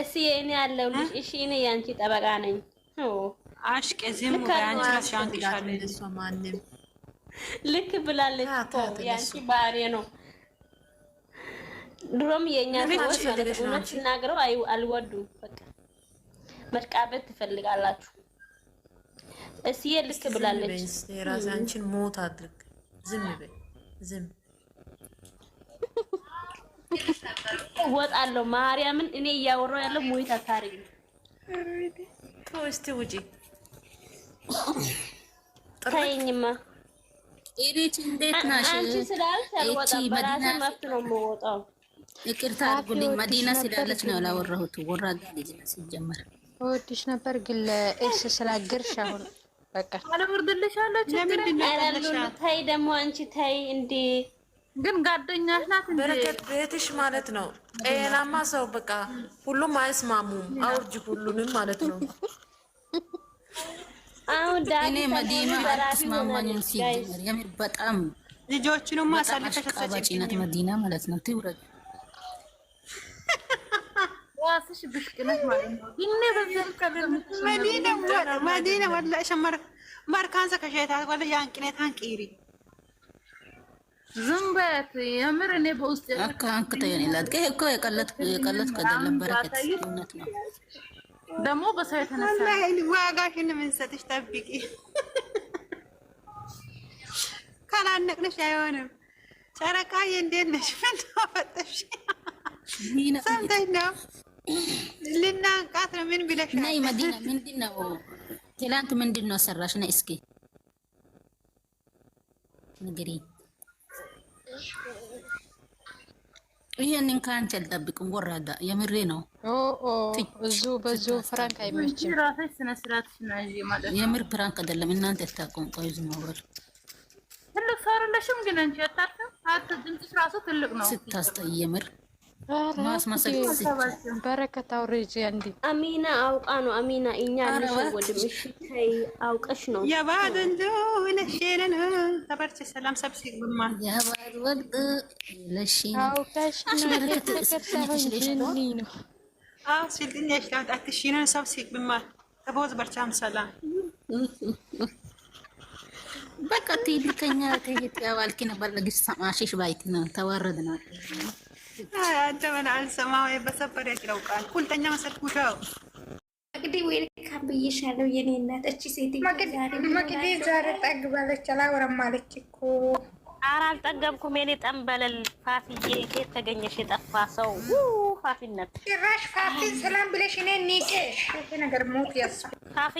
እሺ እኔ ያለው ልጅ እሺ እኔ ያንቺ ጠበቃ ነኝ። አሽቄ ዝም ያንቺ ማንም ልክ ብላለች እኮ ያንቺ ባህሪ ነው። ድሮም የኛ ሰዎች ማለት ነው ሲናገረው አልወዱም። በቃ መጥቃበት ትፈልጋላችሁ። እሺ ልክ ብላለች። ራስ አንቺን ሞት አድርግ። ዝም በይ ዝም እወጣለሁ። ማርያምን እኔ እያወራሁ ያለው ሞይት አታሪግ እስቲ ውጪ ተይኝማ። ኢሪች እንዴት ናሽ? አንቺ ስላልሽ አልወጣም፣ በራሴ ነው የምወጣው። ይቅርታ አድርጉልኝ፣ መዲና ስላለች ነው ያላወራሁት። ወራዳ ሲጀመር። እወድሽ ነበር ግን ለኤክስ ስላገርሽ አሁን በቃ አለወርድልሻለሁ። ለምንድን ነው ተይ ደግሞ አንቺ ተይ እንዴ ግን ጓደኛሽ ናት በረከት ቤትሽ ማለት ነው። ጤናማ ሰው በቃ ሁሉም አይስማሙም። አውርጅ ሁሉንም ማለት ነው። አሁን ዳኒ መዲና አትስማማኝም ሲጀምር የምር በጣም ልጆችንም አሳልፈሽ አስጨጭነት መዲና ማለት ነው። ትውረድ ዋስሽ ብሽቅነት ማለት ነው። ይሄ በዘል ከብር መዲና ወላ መዲና ወላ ሸመር ማርካንሰ ከሸይታት ወላ ያንቅነት አንቂሪ ዝም በት የምር እኔ በውስጥ እኮ የቀለጥኩ አይደለም። በረከት እውነት ነው። ደግሞ በሰው የተነሳ ዋጋሽን የምንሰጥሽ ጠብቂ። ካላነቅንሽ አይሆንም። ጨረቃዬ እንዴት ነሽ? ምንታፈጠሽ ሰምተሽ ነው። ልናንቃት ነው። ምን ብለሻል? ነይ መዲና። ምንድን ነው ትላንት ምንድን ነው ሰራሽ? ነይ እስኪ ንገሪኝ ይሄንን ከአንቺ አልጠብቅም። ወራዳ የምሬ ነው። እዙ በዙ ፍራንክ አይመችም። የምር ፍራንክ አይደለም። እናንተ አታውቁም። ቆይ ዝም በሉ። ትልቅ ሰው አይደለሽም ግን አንቺ አታውቅም። ድምፅሽ ራሱ ትልቅ ነው ስታስጠይምር በረከት አውሬጅ እንዲ አሚና አውቃ ነው። አሚና እኛ አውቀሽ ነው ተበርች ሰላም ሰብሲ ግማ ወቅት አውቀሽ ነው ያሽታት አትሽነን ሰብሲ ግማ ተቦዝ በርቻም ሰላም በቃ ነበር ለግስ ሰማሽሽ ባይት ነው ተዋረድ ነው አንተ ምን አልሰማው በሰፈር ያስለውቃል። ሁለተኛ መሰልኩ ሻው መቅዲ ዌልካም ብዬሻለሁ የኔ እናት። እቺ ሴት መቅዲ ዛሬ ጠግባለች። አላወራም አለች እኮ ኧረ አልጠገብኩም። የኔ ጠንበለል ፋፊዬ የት ተገኘሽ? የጠፋ ሰው ፋፊነት ጭራሽ ፋፊ ሰላም ብለሽ እኔ ኒቄሽ ነገር ሞት ያሳ ፋፊ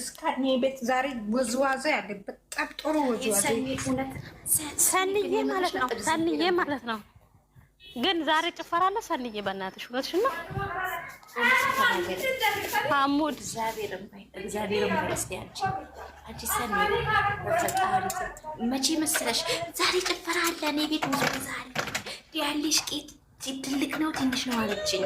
እስከኔ ቤት ዛሬ ወዝዋዜ ያለ በጣም ጥሩ ወዝዋዜ ሰንዬ ማለት ነው። ሰንዬ ማለት ነው ግን ዛሬ ጭፈራ አለ ሰንዬ፣ በእናትሽ እውነትሽን ነው። አሙድ እግዚአብሔር ይመስገን። መቼ መሰለሽ ዛሬ ጭፈራ አለ እኔ ቤት ሙዛል ያለሽ ቄት ትልቅ ነው ትንሽ ነው አለችኝ።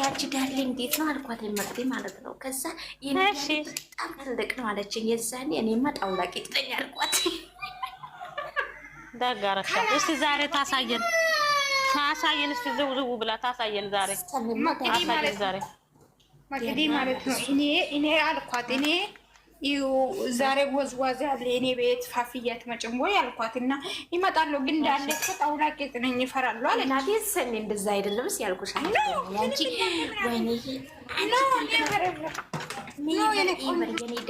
ያቺ ዳሌ እንዴት ነው አልኳት፣ መቅዴ ማለት ነው። ከዛ በጣም ትልቅ ነው አለችኝ። የዛኔ እኔማ ጣውላ ቄጥ ነኝ አልኳት። ደጋረሻ እስቲ ዛሬ ታሳየን። ታሳየን እስኪ ዝውዝው ብላ ታሳየን። ዛሬ አሳየን ዛሬ መቅዲ ማለት ነው። እኔ እኔ አልኳት እኔ ዛሬ ወዝዋዝ ያለ እኔ ቤት ፋፍያ ትመጭም ወይ አልኳት እና ይመጣለሁ ግን እንዳለ ጣውላ ቄጥ ነኝ ይፈራሉ አለ ናት ሰኒ እንደዛ አይደለም ስ ያልኩሽ አንቺ ወይኔ የኔ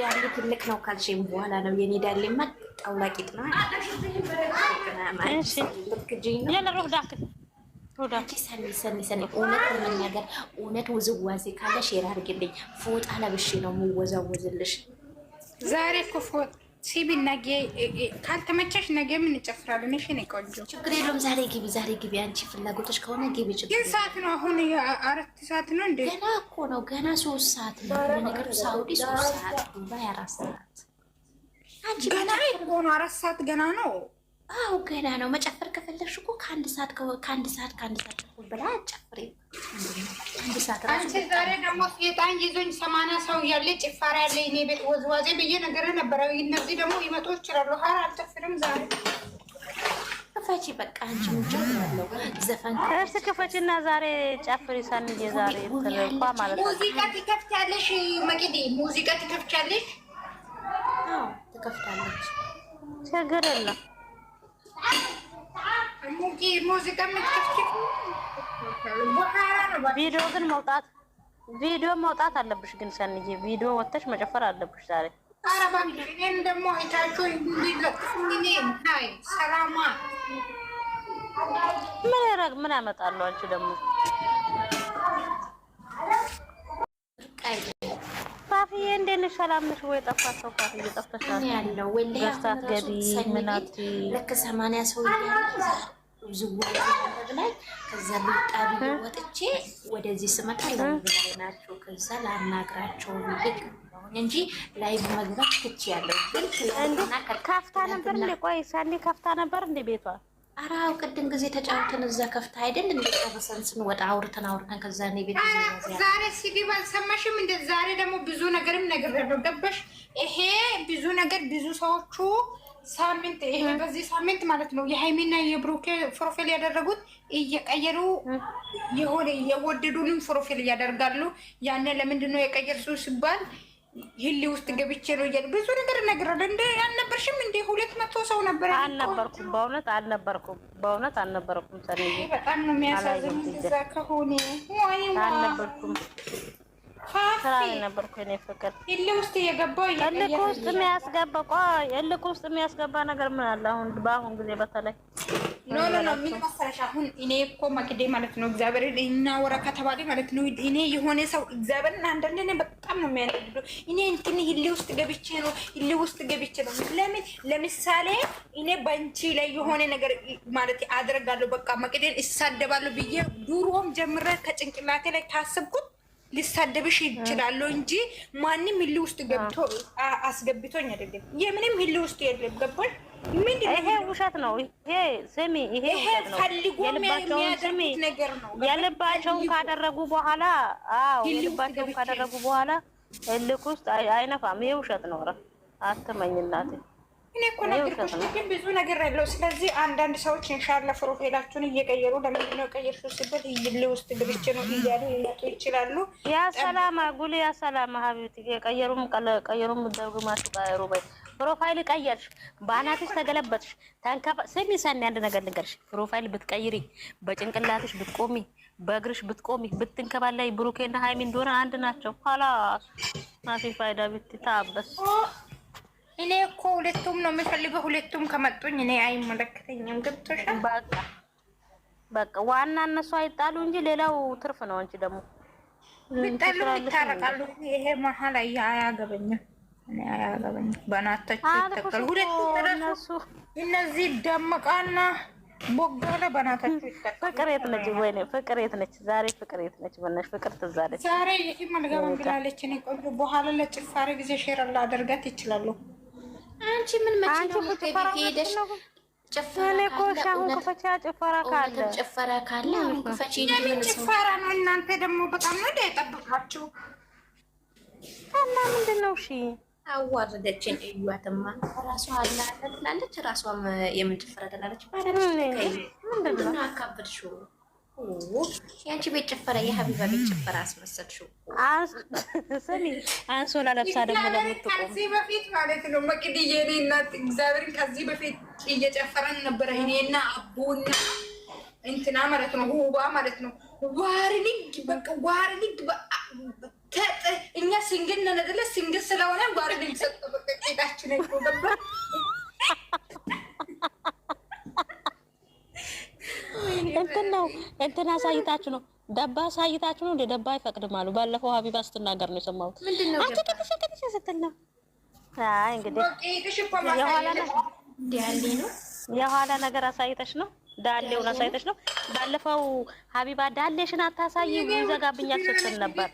ዳሌ ትልቅ ነው ካልሽም በኋላ ነው የኔ ዳሌ ማ ጣውላ ቄጥ ነው እውነት ውዝዋዜ ካለ ሼር አድርግልኝ። ፎጣ ለብሼ ነው የምወዛወዝልሽ። ዛሬ እኮ ፎጣ ሲቢ ነገ ካልተመቸሽ ነገ ምን እሺ ነው ቆንጆ፣ ችግር የለውም። ዛሬ ግቢ፣ ዛሬ ግቢ። አንቺ ፍላጎቶች ከሆነ ግቢ። ችግር ግን ሰዓት ነው አሁን አራት ሰዓት ነው እንዴ? ገና እኮ ነው ገና ሶስት ሰዓት ነው። ለነገሩ ሳውዲ ሶስት ሰዓት፣ ዱባይ አራት ሰዓት። አንቺ ገና ነው አራት ሰዓት ገና ነው አው ገና ነው። መጨፈር ከፈለግሽ እኮ ከአንድ ሰዓት ከአንድ ሰዓት ከአንድ ሰዓት ብላ ተኩል አንድ ሰዓት አንቺ ዛሬ ደግሞ ሴጣን ይዞኝ ሰማንያ ሰው ያለ ጭፋራ ያለ እኔ ቤት ወዝዋዜ ብዬ ነገር ነበረ። እነዚህ ደግሞ ይመጡ ይችላሉ። ሀር አልጨፍርም ዛሬ። ክፈች በቃ አንቺ ውጭ ያለው ዘፈን እርስ ክፈችና ዛሬ ጨፍሪ። ሳንዬ ዛሬ ትልኳ ማለት ነው። ሙዚቃ ትከፍቻለሽ መቅዲ፣ ሙዚቃ ትከፍቻለሽ። ትከፍታለች። ችግር የለም ቪዲዮ ግን መውጣት ቪዲዮ መውጣት አለብሽ። ግን ሰንዬ ቪዲዮ ወተሽ መጨፈር አለብሽ ዛሬ። ምን ያመጣሉ አንቺ ደግሞ ፋፍዬ እንደት ነሽ? ሰላም ነሽ ወይ? ጠፋ ሰው ፋፍዬ ጠፍተሻል። ያለው ገፍታት ገቢ ምናት ልክ ሰማንያ ሰው ዝውውር ላይ ከዛ ልጣቢ ወጥቼ ወደዚህ ስመጣ ላይ ናቸው። ከዛ ላናግራቸው ልቅ እንጂ ላይቭ መግባት ትች ያለው ግን ከፍታ ነበር እንዴ? ቆይ ሳንዴ ከፍታ ነበር እንዴ ቤቷ ኧረ ቅድም ጊዜ ተጫውተን እዛ ከፍታ አይደል እንደጨረሰን ስንወጣ አውርተን አውርተን ከዛ ነው ቤት ዛሬ ሲግብ አልሰማሽም? እንደ ዛሬ ደግሞ ብዙ ነገርም ነገር ገበሽ ይሄ ብዙ ነገር ብዙ ሰዎቹ ሳምንት ይሄ በዚህ ሳምንት ማለት ነው የሃይሚና የብሩኬ ፕሮፋይል ያደረጉት እየቀየሩ የሆነ እየወደዱንም ፕሮፋይል እያደርጋሉ። ያንን ለምንድን ነው የቀየርሱ ሲባል ይሌ ውስጥ ገብቼ ነው እያለ ብዙ ነገር እነግርሃለሁ። እንደ አልነበርሽም እንደ ሁለት መቶ ሰው ነበር። አልነበርኩም፣ በእውነት አልነበርኩም፣ በእውነት አልነበርኩም። ሰኔ በጣም ነው የሚያሳዝን። እዛ ከሆነ አልነበርኩም ስራዬ ነበር እኮ እኔ ፍቅር እልክ ውስጥ የሚያስገባ ቆይ እልክ ውስጥ የሚያስገባ ነገር ምን አለ? አሁን በአሁን ጊዜ በተለይ ኖ ኖ ኖ ምን መሰለሽ፣ አሁን እኔ እኮ መግዴ ማለት ነው እግዚአብሔር እናወራ ከተባለ ማለት ነው እኔ የሆነ ሰው እግዚአብሔርን አንዳንድ እኔ በጣም ነው የሚያናድደው። እኔ እንትን ህሌ ውስጥ ገብቼ ነው ህሌ ውስጥ ገብቼ ነው። ለምን ለምሳሌ እኔ በንቺ ላይ የሆነ ነገር ማለት አደርጋለሁ፣ በቃ መቅደን እሳደባለሁ ብዬ ዱሮም ጀምረ ከጭንቅላቴ ላይ ታስብኩት ሊሳደብሽ ይችላሉ እንጂ ማንም ህሊ ውስጥ ገብቶ አስገብቶኝ አይደለም። የምንም ህሊ ውስጥ የለም። ገባኝ። ይሄ ውሸት ነው። ይሄ ስሚ፣ ይሄ ፈልጎ የሚያደርጉት ነገር ነው። የልባቸውን ካደረጉ በኋላ አዎ፣ የልባቸውን ካደረጉ በኋላ እልክ ውስጥ አይነፋም። ይሄ ውሸት ነው። ኧረ አትመኝላት እኔ እኮ ነገርኩሽ፣ ግን ብዙ ነገር ያለው። ስለዚህ አንዳንድ ሰዎች ኢንሻላህ ፕሮፋይላችሁን እየቀየሩ ለምንድን ነው የቀየርሽው ሲባል ይል ውስጥ ግብቼ ነው እያሉ ይመጡ ይችላሉ። ያ ሰላማ ጉል ያ ሰላማ ሀቢብቲ የቀየሩም ቀየሩም ደግማችሁ ቀየሩ በይ። ፕሮፋይል ቀየርሽ፣ በአናትሽ ተገለበጥሽ፣ ተንከፋ ስሚ ሰኒ፣ አንድ ነገር ልንገርሽ። ፕሮፋይል ብትቀይሪ፣ በጭንቅላትሽ ብትቆሚ፣ በእግርሽ ብትቆሚ፣ ብትንከባ ላይ ብሩኬና ሀይሚ እንደሆነ አንድ ናቸው። ኋላ ማፊ ፋይዳ ብትታበስ እኔ እኮ ሁለቱም ነው የምፈልገው። ሁለቱም ከመጡኝ እኔ አይመለከተኝም። ገብቶሻል? በቃ በቃ ዋና እነሱ አይጣሉ እንጂ ሌላው ትርፍ ነው። አንቺ ደግሞ ቢጣሉ ይታረቃሉ። ይሄ መሀል አያገበኝም። እኔ አያገበኝም። በናታቸው ይተከሉ። ሁለቱም እነሱ እነዚህ ደምቃና ቦጋለ በናታቸው ይተካሉ። ፍቅር የት ነች? ወይኔ ፍቅር የት ነች? ዛሬ ፍቅር የት ነች? በእናትሽ ፍቅር ትዛለች። ዛሬ። የትም አልገባም መንግላለች። እኔ ቆንጆ በኋላ ለጭፋሪ ጊዜ ሼር ላደርጋት ይችላሉ። አንቺ ምን መቼ ነው ሄደሽ ጭፈራ ካለ አሁን ክፈች። የምን ጭፈራ ነው? እናንተ ደግሞ በጣም ነው የጠበቃችሁ እና ምንድን ነው? እሺ አዋረደችን። እዩዋትማ ራሷ አላለች ራሷም የምን ጭፈራ ትላለች። ባለች ምንድን ነው የአንቺ ቤት ጭፈራ የሀቢባ ቤት ጭፈራ አስመሰልሽው። ስሚ አንሶላ ለብሳ ደግሞ ለምትቆም ከዚህ በፊት ማለት ነው መቅድዬ፣ እኔ እና እግዚአብሔርን ከዚህ በፊት እየጨፈረን ነበረ። እኔና አቡና እንትና ማለት ነው ሁባ ማለት ነው ዋርኒግ በቃ ዋርኒግ እኛ ሲንግል ነን አይደለ? ሲንግል ስለሆነ ዋርኒግ ሰጠ በቃ ቄዳችን ገባ እንትን አሳይታችሁ ነው ደባ አሳይታችሁ ነው እንደ ደባ አይፈቅድም አሉ። ባለፈው ሀቢባ ስትናገር ነው የሰማሁት። አንቺ ትንሽ ትንሽ ስትል ነው። አይ እንግዲህ የኋላ ነገር አሳይተሽ ነው ዳሌውን አሳይተሽ ነው። ባለፈው ሀቢባ ዳሌሽን አታሳይ ይዘጋብኛል ስትል ነበር።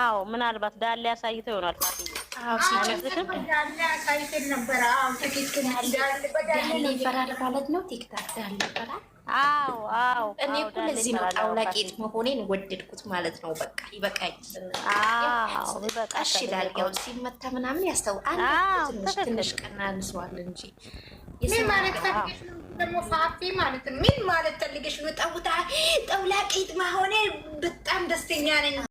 አዎ ምናልባት ዳሌ አሳይተው ይሆናል ማለት ነው። እኔ እኮ ለዚህ ነው ጣውላ ጌጥ መሆኔን ወደድኩት ማለት ነው። በቃ ይበቃኝ። አዎ ጣሽ ያው ሲመታ ምናምን ያስተው አንድ ትንሽ ትንሽ ቀና አንሷል እንጂ ደግሞ ፋፊ ማለት ምን ማለት ፈልገሽ ነው? ጣውላ ጣውላ ጌጥ መሆኔ በጣም ደስተኛ ነኝ።